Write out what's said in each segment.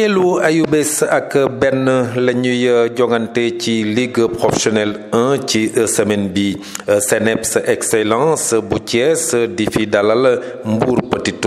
fukkeelu ayubés ak benn la ñuy euh, jongante ci ligue professionnelle 1 ci euh, semaine bi CNEPS euh, excellence bu Thiès di fi dalal Mbour Petite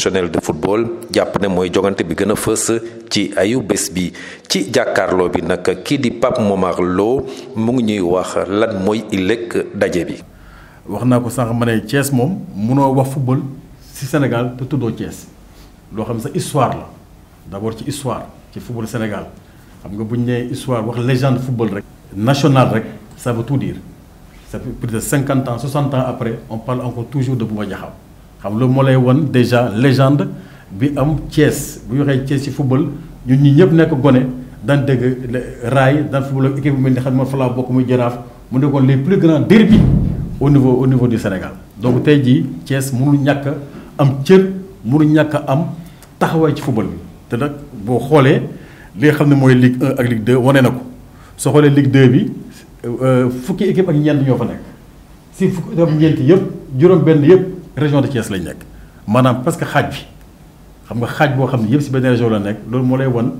professionnel de football jàpp ne bi gëna a ci ayu bi ci bi Lo ngi wax bi. ko football si Sénégal te Thiès lo xam sa histoire d'abord ci histoire ci football Sénégal xam nga légende football national ça veut tout dire un plus de 50 ans 60 ans après on parle encore toujours de Bouba xam loolu moo lay wan déjà légende bi am Thiès bu ñu waxee Thiès ci football ñun ñi ñëpp nekk gone dañ dégg raay daan football ak équipe bi mel ni xam ne bokk muy jaraaf mu nekkoon les plus grands derby au niveau au niveau du Sénégal donc tey jii Thiès mënul ñàkk am cër mënul ñàkk am taxawaay ci football bi te nag boo xoolee li nga xam ne mooy Ligue 1 ak Ligue 2 wane na ko soo xoolee Ligue 2 bi euh, fukki équipe ak ñeent ñoo fa nekk si fukki équipe ak ñeent yëpp juróom-benn yëpp région de Thiès lañ nekk maanaam parce que xaaj bi xam nga xaaj boo xam ne yëpp si benn région la nekk loolu moo lay wan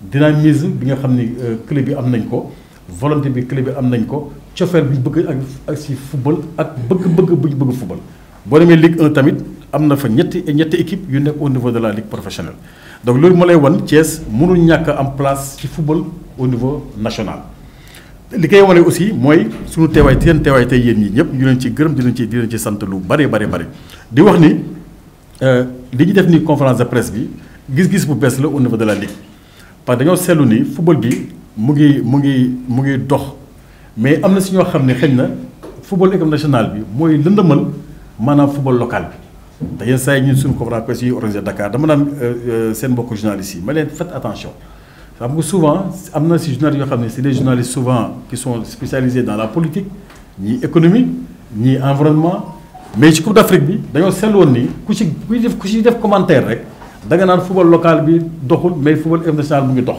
dynamisme bi nga xam ni euh, club bi am nañ ko volonté bi club bi am nañ ko cofeel bi bëgg ak ak si football ak bëgg-bëgg bu bëgg football. boo demee Ligue 1 tamit am na fa ñetti ñetti équipe yu nekk au niveau de la ligue professionnelle donc loolu moo lay wan Thiès mënul ñàkk am place ci football au niveau national li koy wane aussi mooy sunu teewaay seen teewaay tey yéen ñi ñëpp ñu leen ci gërëm di leen ci di leen ci sant lu bare bare bare di wax ni euh, li ñu def ni conférence de presse bi gis-gis bu bees la au niveau de la ligue parce que dañoo seetlu ni football bi mu ngi mu ngi mu ngi dox mais am na si ñoo xam ne xëy na football équipe national bi mooy lëndëmal maanaam football local bi da yenn saa yi ñun suñu conférence presse yi organisé Dakar dama naan euh, euh, seen mbokku journalistes yi ma leen faites attention xam souvent amna ci si journalistes yoo xam c'est des journalistes souvent qui sont spécialisés dans la politique ni économie ni environnement mais ci Coupe d'Afrique bi dañu sel won ni ku ci ku def ku ci def commentaire rek da nga naan football local bi doxul mais football international mu ngi dox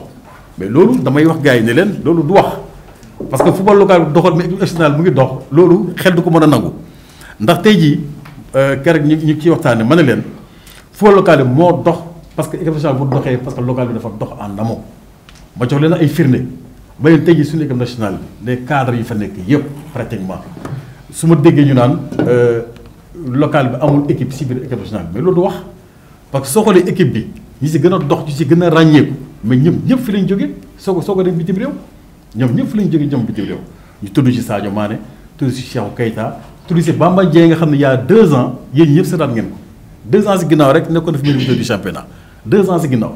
mais loolu damay wax gaay ne len loolu du wax parce que football local doxul mais international mu ngi dox loolu xel du ko mën nangu ndax tey jii euh, keroog ñu ñu ciy waxtane ma ne football local mo dox parce que international bu doxé parce que local bi dafa dox en amont ma jox leen ay firnde ba leen tey les cadres yi fa nekk yëpp pratiquement su ma ñu euh, local bi équipe nationale mais parce que soo équipe bi ñi si dox mais ñëpp fi lañ jógee soo ko soo ko dem bitim réew ñoom ñëpp fi lañ jógee ñoom bitim ñu tudd ci Sadio Mané tudd Cheikhou Keita tudd ne deux ans yéen ñëpp seetaan ngeen ko ans si rek fi du championnat deux ans si ginnaaw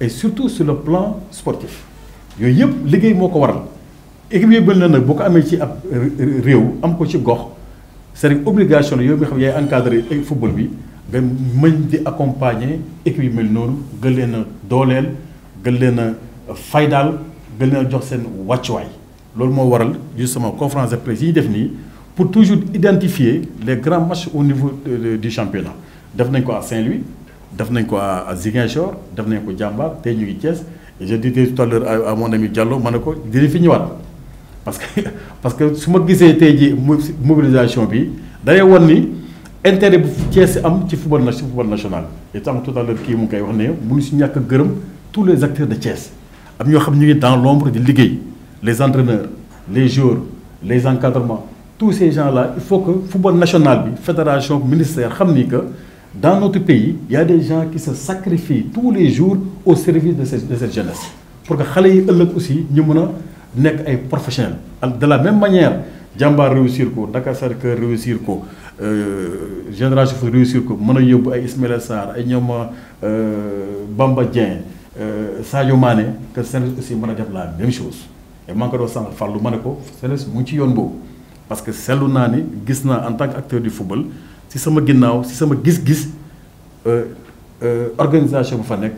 et surtout sur le plan sportif yooyu yëpp liggéey moo ko waral équipe yooyu bëri na nag boo ko amee ci ab am ko ci gox cest une obligation la yow mi xam yaay encadré football bi ben, mën di accompagner équipe de mel noonu gën leen a dooleel gën leen a faydaal gën jox waral justement conférence de presse il définit def pour toujours identifier les grands matchs au niveau du championnat def nañ ko à Saint-Louis def nañ ko à Ziguinchor def nañ ko jàmbaar tey ñu ngi Thiès je disais tout à l'heure à mon ami Diallo ma ne ko à fi ñëwaat parce que parce que su ma gisee tey ji mobilisation bi day won ni intérêt bu Thiès am ci football na ci football national et tant tout à l'heure kii mu koy wax ne si a tous les acteurs de Thiès am ñoo xam ñu ngi dans l'ombre di liggéey les entraîneurs les joueurs les encadrements tous ces gens là il faut que football national bi fédération ministère xam que dans notre pays, il y a des gens qui se sacrifient tous les jours au service de cette, jeunesse. Pour que les gens aussi, nous professionnels de la même manière Djamba réussir ko Dakar Sacré-Cœur réussir ko euh, Génération Foot réussir euh, Bamba euh, Sadio que c'est aussi la même chose et je ko c'est parce que c'est le en tant qu'acteur du football si sama ginnaaw si sama gis-gis euh, euh, organisation bu fa nekk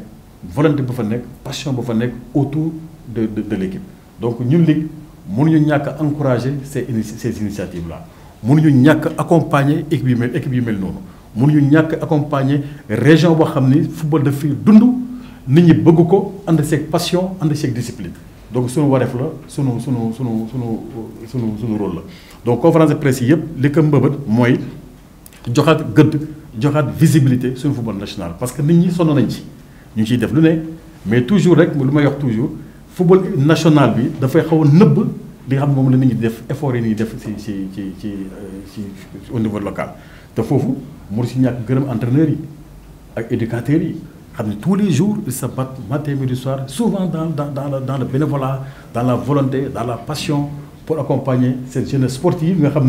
volonté bu fa nekk passion bu fa nekk autour de de de l' équipe donc ñun lig mënuñu ñàkk a encourager ces ces initiatives là mënuñu ñàkk accompagner équipe yu mel équipe yu mel noonu mënuñu ñàkk accompagner région boo xam ni football daf fi dund nit ñi bëgg ko ànd seeg passion ànd seeg discipline donc sunu wareef la sunu sunu sunu sunu sunu sunu rôle la donc conférence de presse yi yëpp li ko mbëbët mooy joxaat gëdd joxaat visibilité le football national parce que nit ñi sonn nañ ci ñu ciy def lu ne mais toujours rek lu may toujours football national bi dafay xaw a nëbb li nga xam moom la nit ñi def effort yi def au niveau local. te faut... moo si ñàkk gërëm entraîneurs yi ak éducateurs yi tous les jours ils se battent matin midi soir souvent dans dans dans le dans le bénévolat dans la volonté dans la passion pour accompagner cette jeunesse sportive nga xam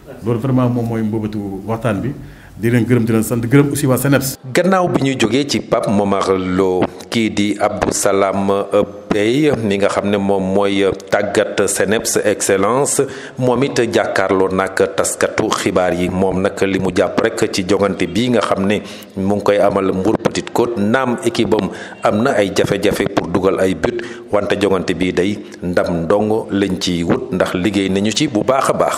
loolu vraiment moom mooy mbëbatu waxtaan bi di leen gërëm di leen sant gërëm aussi waa seneps gannaaw bi ñu jógee ci pap momar lo kii di abdusalaam bey mi nga xam ne moom mooy tàggat excellence moom it nak nag taskatu xibaar yi moom nag li mu jàpp rek ci jongante bii nga xam mu ngi koy amal mbur petite côte naam équipe am am na ay jafe-jafe pour dugal ay but wante jongante bii day ndam ndongo lañ ci wut ndax liggéey nañu ci bu baax baax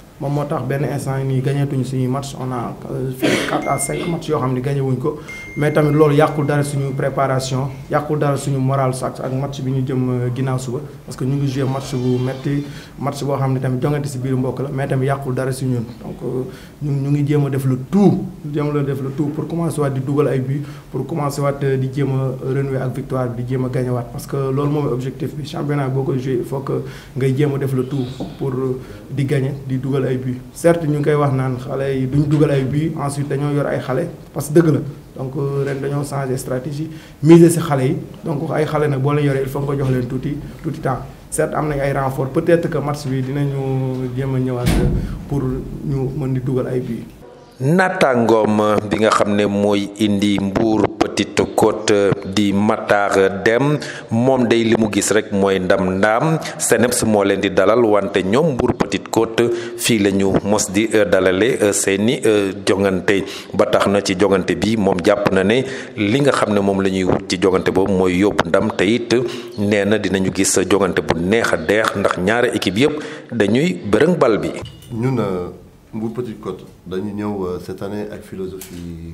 moom moo tax benn instant yi gagné tuñ suñuy match on a euh, fait 4 à 5 match yoo xam ne gañawuñ ko mais tamit loolu yàqul dara suñu préparation yàqul dara suñu moral sax ak match bi ñu jëm euh, ginnaaw suba parce que ñu ngi joué match bu metti match boo xam ne tamit jongante si biir mbokk la mais tamit yàqul dara si ñun donc euh, ñu ñu ngi jéem a def le tout jéem la def le tout pour commencé waat di dugal ay buts pour commencé waat euh, di jéem a renouer ak victoire di jéem a gagné waat parce que loolu moom objectif bi championnat boo koy joué il faut que ngay jéem a def le tout pour di gagné di dugal ay buts certes ñu ngi koy wax naan xale yi duñ dugal ay buts ensuite dañoo yor ay xale parce que dëgg la donc ren dañoo changé stratégie miser si xale yi donc ay xale nag boo leen yore il faut nga jox leen tuuti tuuti temps certes am nañ ay renfort peut être que match bi dinañu jéem ñëwaat pour ñu mën di ay bii naatàngoom bi nga xam ne indi mbuur Petite Côte di Matar Dem moom day li mu gis rek mooy ndam ndaam CNEPS moo leen di dalal wante ñoom Mbour Petite Côte fii la ñu mos di euh, dalale euh, seeni euh, jongante ba tax na ci jongante bi moom jàpp na ne li nga xam ne moom la ñuy wut ci jongante boobu mooy yóbbu ndam te it nee na dinañu gis jongante bu neex a deex ndax ñaari équipe yëpp dañuy bërëng bal bi. ñun Mbour ñëw cette année ak philosophie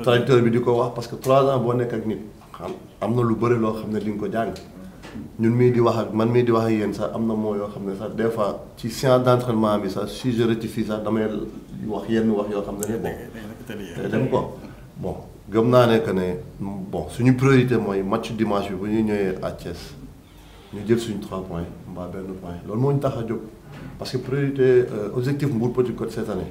traducteur bi di ko wax parce que trois ans boo nekk ak nit xam am na lu bëri loo xam ne li nga ko jàng ñun mii di wax ak man mii di wax ak yéen sax am na moo yoo xam ne sax des fois ci séance d' entraînement bi sax si je rectifie sax damay wax yenn wax yoo xam ne ne bon dem ko bon gëm naa ne que ne bon suñu priorité mooy match dimanche bi bu ñu ñëwee à Thiès ñu jël suñu trois points mbaa benn point loolu moo ñu tax a jóg parce que priorité euh, objectif Mbour Petite code cette année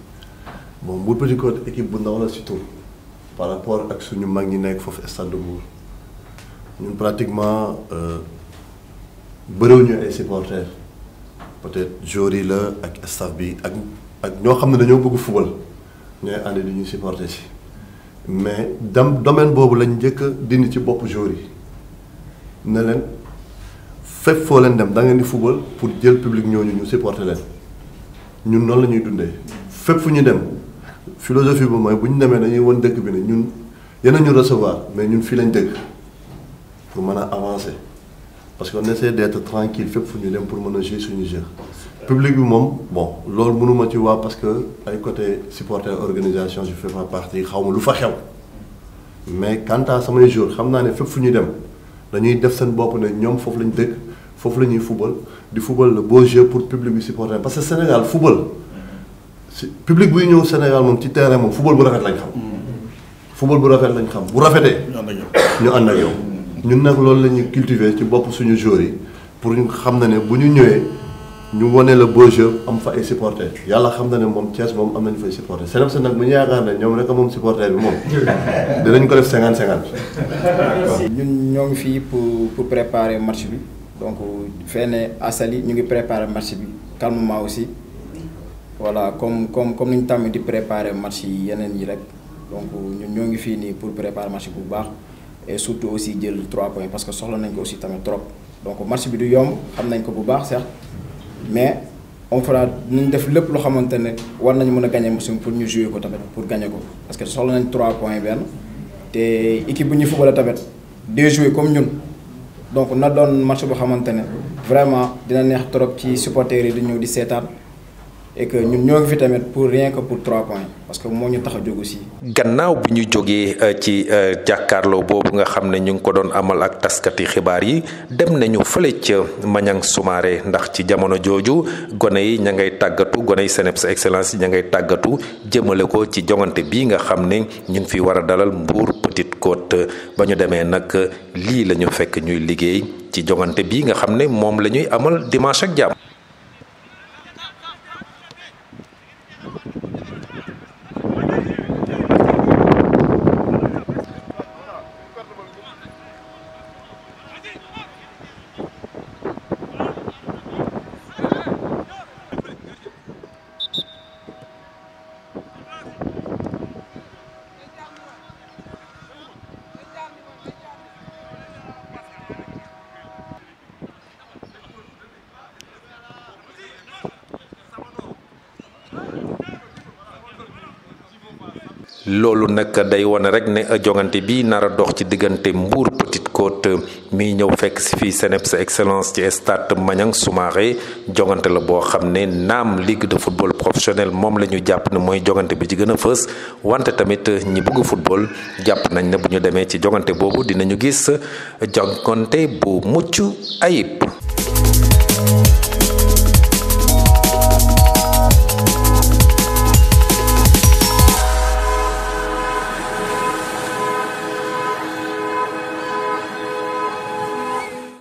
bon Mbour Petite-Côte équipe bu ndaw la surtout par rapport ak suñu mag ñi nekk foofu stade de Mbour ñun pratiquement euh, ñu ay supporters peut-être joueurs la ak staff bi ak ak ñoo xam ne dañoo bëgg football ñooy andi di ñu supporter si mais dam domaine boobu lañ njëkk a dindi ci bopp joueurs yi ne leen fépp foo leen dem da ngeen di football pour jël public ñooñu ñu supporter leen ñun noonu la ñuy dundee fépp fu ñu dem philosophie bu mooy bu ñu demee dañuy won dëkk bi ne ñun yéen ñu recevoir mais ñun fii lañ dëkk pour mën a avancer parce que on essaie d'être tranquille fépp fu ñu dem pour mën a jouer suñu jeu. public bi moom bon loolu mënuma ci waa parce que ay côté supporter organisation je fais pas partie xaw lu fa xew mais quant à samay jour xam naa ne fépp fu ñu dem dañuy def seen bopp ne ñoom foofu lañ dëkk foofu la ñuy fubal di football le beau jeu pour public bi supporter parce que Sénégal football public buy ñëw Sénégal moom ci terrain moom football bu rafet lañ xam. football bu rafet lañ xam bu rafetee. ñu ànd ak yow ñun nag loolu la ñuy cultiver ci bopp suñu joueurs yi pour ñu xam na ne bu ñu ñëwee ñu wane la beau jeu am fa ay supporters yàlla xam na ne moom Thiès moom am nañu fay supporters Sénégal nag bu ñu yaakaar ne ñoom rek moom supporter bi moom dinañ ko def cinquante cinquante. ñun ñoo ngi fii pour pour préparer match bi donc fenn asali ñu ngi préparer match bi calmement aussi. voilà comme comme comme ni ñu de di préparer match y yeneen yi rek donc ñun ñoo fini pour préparer match bu baax et surtout aussi jël trois points parce que sur nañ ko aussi tamit trop donc match bi du yom xam nañ ko bu baax sax mais on fera ñu def lépp loo xamante ne war nañ mën a gagné pour ñu jouer ko tamit pour gagner ko parce que le nañ trois points bien. Et équipe bu ñu football tamit deux jouer comme ñun donc na doon match pour xamante ne vraiment dina neex trop ci supporters yi di ñëw di seetaan. et ñun ñoo ngi fi tamit pour rien que pour trois points parce que moo ñu tax a jóg aussi. gannaaw bu ñu jógee euh, ci euh, jàkkaarloo boobu nga xam ne ñu ngi ko doon amal ak taskati xibaar yi dem nañu fële ca Maniang sumaaree ndax ci jamono jooju gone yi ña ngay tàggatu gone yi CNEPS excellence ña ngay tàggatu jëmale ko ci joŋante bi nga xam ne ñu ngi fi war a dalal Mbour Petite Côte ba ñu demee nag lii la ñu fekk ñuy liggéey ci joŋante bi nga xam ne moom la ñuy amal dimanche ak jàmm. loolu nag day wane rek ne jongante bi nar a dox ci diggante Mbour Petite Côte mi ñëw fekk si fii Seneb sa excellence ci stade Maniang Soumaré jongante la boo xam ne naam ligue de football professionnel moom la ñu jàpp ne mooy jongante bi ci gën a fës wante tamit ñi bëgg football jàpp nañ ne bu ñu demee ci jongante boobu dinañu gis jongante bu mucc ayib.